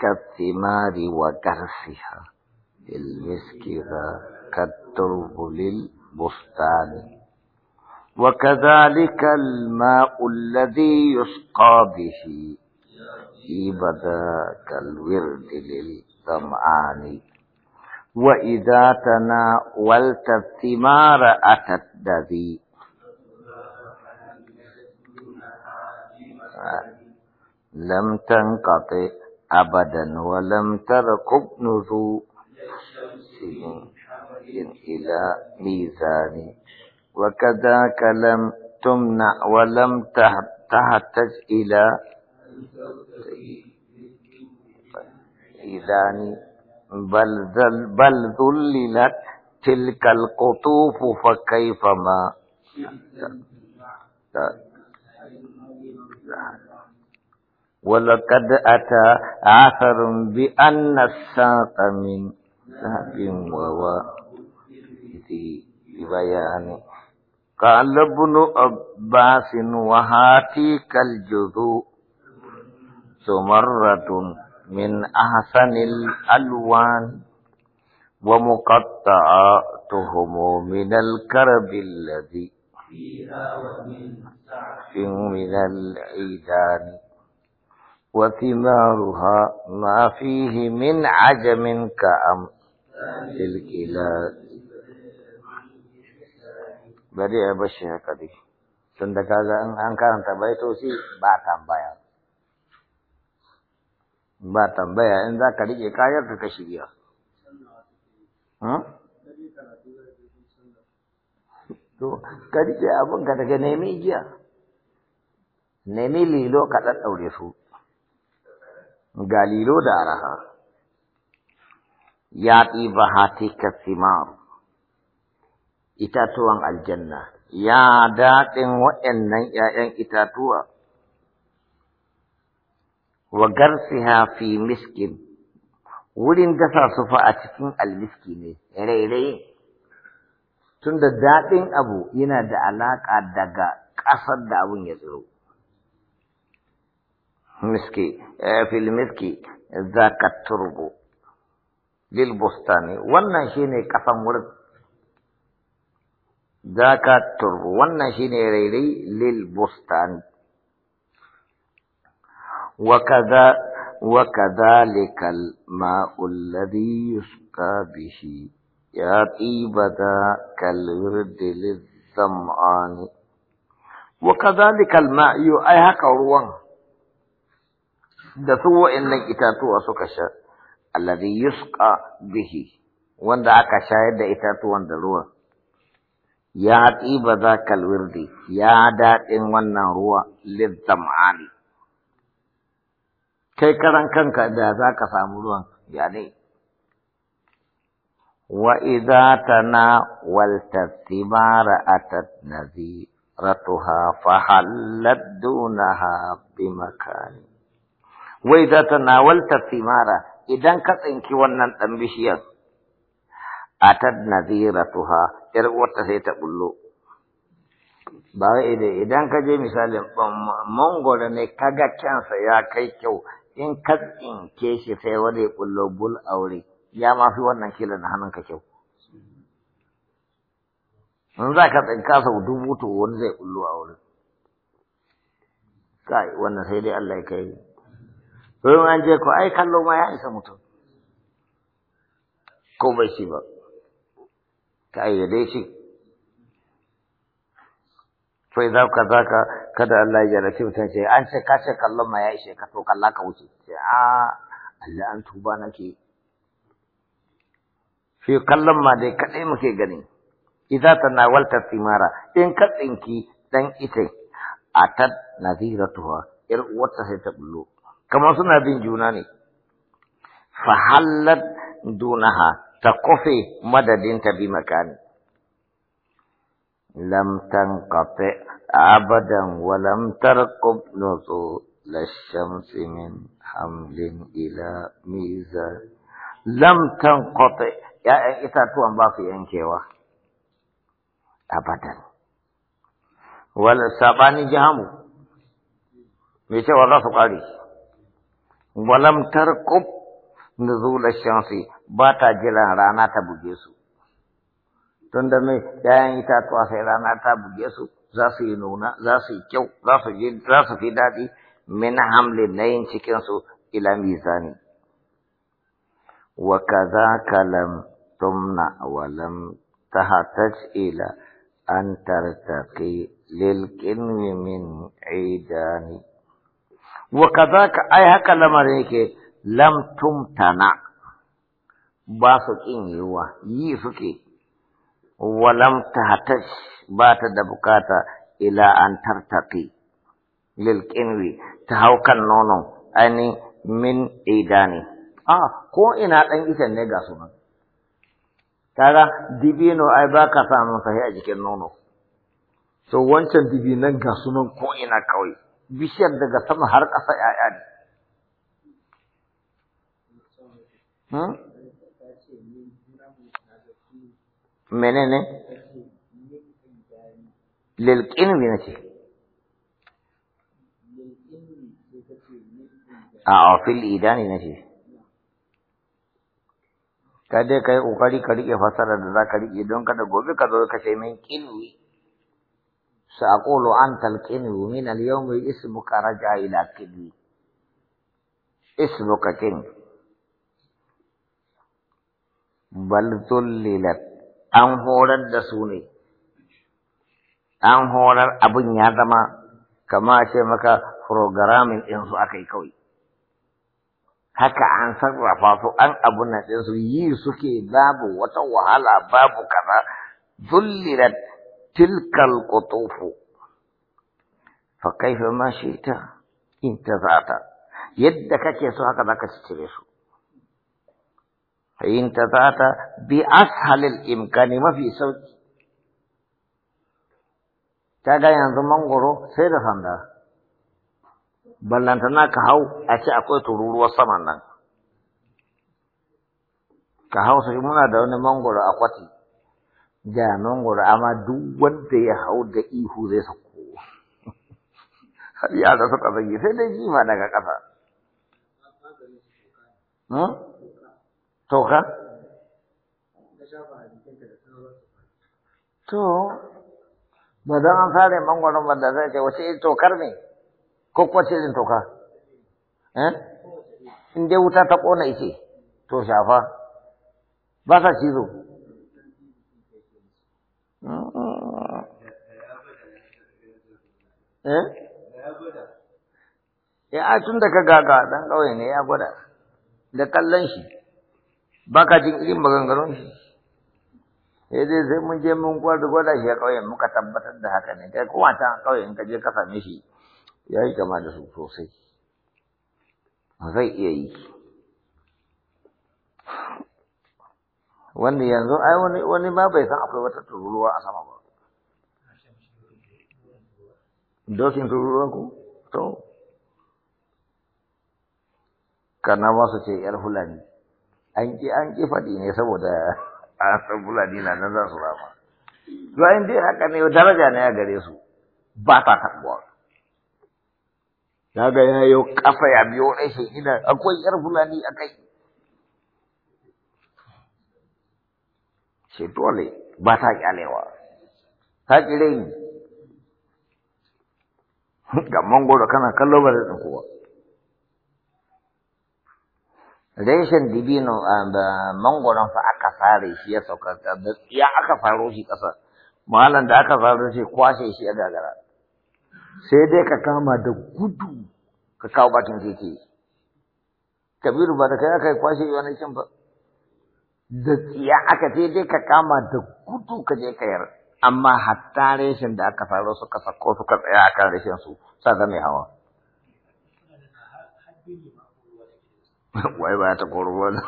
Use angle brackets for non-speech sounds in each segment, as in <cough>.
كالثمار وكرسها المسك كالترب للبستان وكذلك الماء الذي يسقى به بدا كالورد للظمآن وإذا تناولت الثمار أتت دذي آه، لم تنقطع أبدا ولم تركب نذو سنين إلى ميزان وكذاك لم تمنع ولم تحتج إلى ميزان بل بل ذللت تلك القطوف فكيفما ولقد أتى عثر بأن الساق من ساق وواء بيان قال ابن عباس وهاتيك الجذوء سمرة من أحسن الألوان ومقطعاتهم من الكرب الذي فيها ومن من العيدان وثمارها ما فيه من عجم كأم الكلاب bari a bashi haka dai tun da kaga in an karanta baitoci ba tambaya ba tambaya in za ka riƙe kayan ka kashi biya hmm? to ka riƙe abin ka daga nemi jiya, nemi lilo ka ɗaɗɗaure su galilo da araha ya ba hatikar simar itatuwan aljanna ya daɗin waɗannan ‘ya'yan itatuwa wa garsiha fi miskin wurin dasa su fa a cikin almiski ne rairayi tunda daɗin abu yana da alaƙa daga ƙasar da abun ya tsoro مسكي آه، في المسكي ذاك الترب للبستان wannan shine kafan wurin ذاك الترب wannan shine rairai للبستان وكذا وكذلك الماء الذي يسقى به يا طيب ذاك الورد للظمآن وكذلك الماء أي هكا da su wa'annan itatuwa suka sha alladhi yusqa bihi wanda aka shayar da itatuwan da ruwa ya tiba za kalwirdi ya daɗin wannan ruwa lizzam'ani kai karan kanka da za ka samu ruwan ya ne wa idza tana wal tathimara atat naziratuha fa hallat dunaha bi makani wai za ta nawalta simara idan ka tsinki wannan ɗan bishiyar atad naziratuha yar wata sai ta ɓullo. ba idan ka je misalin um, mangoro ne kaga kyansa ya kai kyau in ka tsinke shi sai wani ɓullo bul aure ya ma fi wannan kila na hannunka kyau in za ka tsinka sau dubu to wani zai ɓullo aure kai wannan sai dai Allah ya kai Don an je ko ai kallo ma ya isa mutum. Ko bai shi ba. Ka ayyade shi. To za ka kada Allah ya jarace mutum ce an ce ka ce kallon ma ya ishe ka to kalla ka wuce. Ce a Allah an tuba nake. fi kallon ma dai kaɗai muke gani. Iza ta nawalta timara. in ka tsinki dan ita a tad tuwa, ir uwarta sai ta bullo. كما سنة دين جوناني فحلت دونها تقفي مدى دين تبي مكان لم تنقطع أبدا ولم ترقب نزول الشمس من حمل إلى ميزان لم تنقطع يا توان بافي أنكوا أبدا ولا ساباني جهامو ميشي والله سبحانه walam tarqub nuzul ash-shamsi ba ta jiran rana ta buge su tunda mai 'ya'yan itatuwa sai rana ta buge su za su yi nuna za su yi kyau za su za su fi daɗi min hamlin na yin cikin su ila mizani wa kadhaka kalam tumna walam lam ila an tartaqi lil kinwi min idani wa ka ai haka lamarin yake lam tana, ba su kin yiwa yi suke wa lam tahtash ba ta da bukata ila an tartaqi lil qinwi ta haukan nono ani min idani a ko ina dan isan ne ga sunan kaga dibino ai ba ka samun sahi a jikin nono to wancan dibinan ga sunan ko ina kawai bishiyar daga sama har ƙasa ‘ya'ya ne. Hmm? Mene ne? Lilƙinmi na ce. A ofil idani na ce. Ka dai ka yi ƙoƙari ka riƙe fasara da za ka riƙe don kada gobe ka zo ka ce min سأقول عنك الكني من اليوم اسمك رجع إلى كني اسمك كني بل an horar da su ne an horar abun ya zama kama ce maka programming ɗinsu aka kawai haka an sarrafa su an abun nan ɗinsu yi suke babu wata wahala babu kaza zullilat تلك القطوف فكيف ما شئت انتزعت يدك كيسو هكذا كتشتريسو انتزعت بأسهل الإمكان ما في سوج تاقا ينظر منغرو سير خاندا بل انتناك هاو أشي أكوي ترور وصمان كهو سجمونا دون منغرو أقوتي gura amma duk wanda ya hau da ihu zai sako har da suka zage sai dai jima daga ƙasa hmm to ba don an sare mangwaron ba da zai ce wace irin tokar ne ko ce irin toka eh? in dai wuta ta kona ice to shafa ba sa cizo eh a tun da ka gaga dan kauye ne ya gwada da kallon shi ba ka jin irin maganganun shi ya zai sai mun je mun gwada gwada shi a kauyen muka tabbatar da haka ne kai kuma ta kauyen ka je ka same shi ya yi kama da su sosai zai iya yi wanda yanzu ai wani ma bai san akwai wata tururuwa a sama ba dokin tururuwan ku to kana ma su ce yar fulani an ki an ki faɗi ne saboda <laughs> an san fulani na nan za su rama to in dai haka ne daraja ne a gare su ba ta tabuwa kaga ya yau kafa ya biyo rashin ina akwai yar fulani a kai ce dole ba ta kyalewa ta kire ni <laughs> ga mangoro kana kallo ba da kowa ba reshen dibino ah, da mangoron fa aka fare shi ya sauka da ya aka faro shi kasa malam da aka faro shi kwashe shi ya gagara sai dai ka kama da gudu ka kawo bakin keke kabiru ba da kai aka yi kwashe wani cin ba da tsiya aka sai dai ka kama da gudu ka je ka yara. amma hatta reshen da aka faro suka sako suka tsaya a kan reshen su sa zame hawa. <laughs> Wai ba ta koro wani.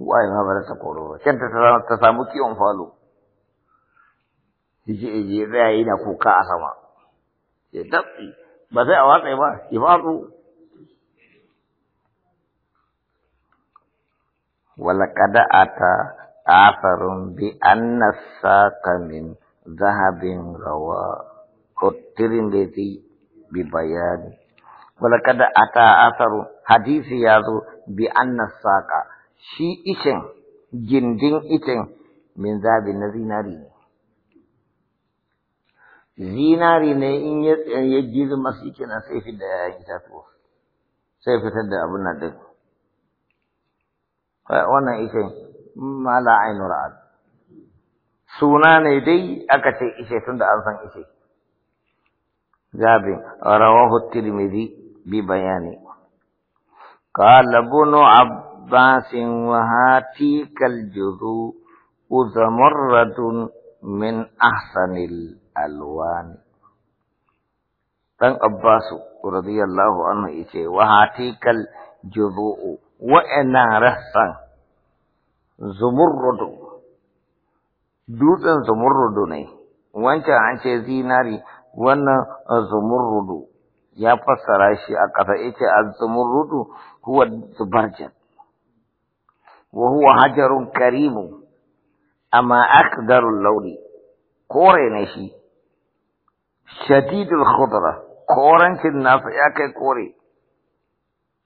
Wai ma ba ta koro ba. Kenta ta samu kiwon falo. Ije ije zai yi na kuka a sama. Ya dab'i. ba sai a watsa ba, ya faɗo. Walakada ata آثر بأن الساق من ذهب رواه الترمذي ببيان ولقد أتى آثر حديث يازو بأن الساق شي إشن جندين إشن من ذهب na zinari ne in ya gizo masu yake na sai fi da yayin itatuwa sai fitar da abin nan din wannan ishe ma la ainu ra'ad suna ne dai aka ce ishe tun da an san ishe jabin rawahu tirmidhi bi bayani qala ibn abbas wa hatikal juzu uzamurratun min ahsanil alwan. dan Abbasu radiyallahu anhu yace wa hatikal juzu'u wa'annan rassan zumurrudu dutsen zumurrudu ne wancan an ce zinari wannan zumurrudu ya fassara shi a ƙasa yace az-zumurrudu huwa zubarjan wa huwa hajarun karimu amma akdarul launi kore ne shi shadidul khudra korancin nasa ya kai kore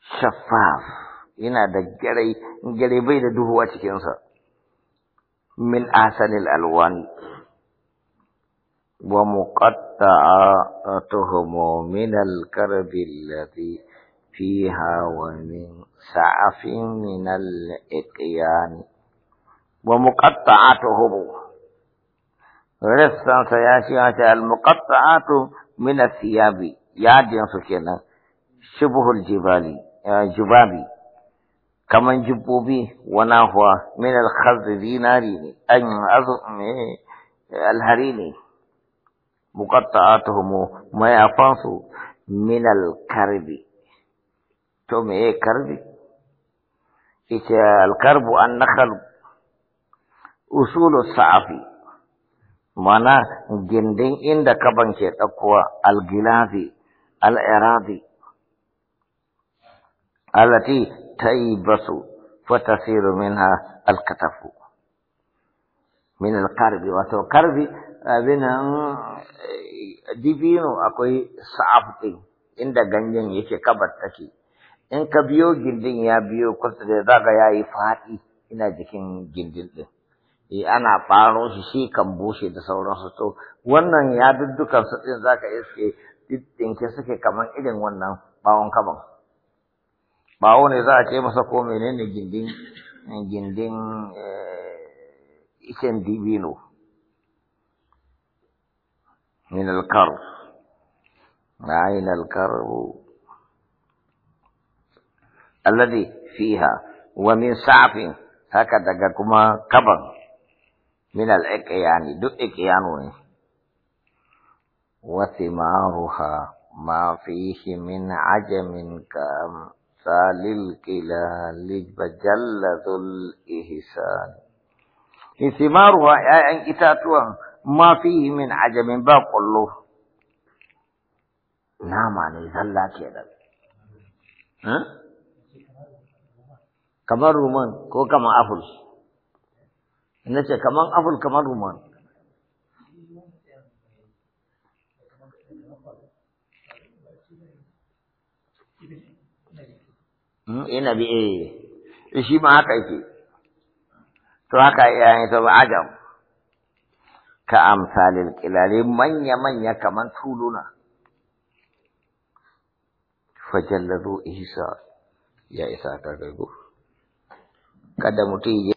shaffaf ina da gare gare bai da duhu a sa min asanil alwan wa muqatta'atuhum min al allati fiha wa min sa'afin min al-iqyani wa muqatta'atuhum rassansa ya ce mata al min al-thiyabi yadin su kenan shibhul jibali jubabi kaman jibbobi wana huwa min al-khazz dinari ne an azum al-hari ne muqatta'atuhum mai afansu min al-karbi to me karbi ita al-karbu an-nakhl usulu sa'afi mana gindin inda kaban ke ɗaukowa al al'irafi allati minha alkatafu min alqarbi wa wato karbi abina dibino akwai sa'af din, inda ganyen yake kabar take in ka biyo gindin ya biyo kusa da zaga yayi yi ina jikin gindin din. e ana faro shi shi kan bushe da sauransu to wannan ya duddukan su ɗin zaka iske ɗinke suke kamar irin wannan bawon kaban ba wani za a ce masa ko menene gindin gindin icen dibino min alkar ayin alkarbu alladhi fiha wa min sa'fin haka daga kuma kaban min al-iqyani duk iqyanu ne wa thimaruha ma fihi min ajamin kam salil kilali bajallatul ihsan isimaruwa ƴaƴan itatuwan ma fihi min ajamin ba kullu nama ne zalla Ha? kamar ruman ko kamar aful ce kamar aful kamar ruman ina hmm? eh, bi e eh, shi ma haka yake to haka iyayen ta ba ajam ka amsalil kilale manya manya kaman tuluna fajallazu isa ya isa ta gago kada mutum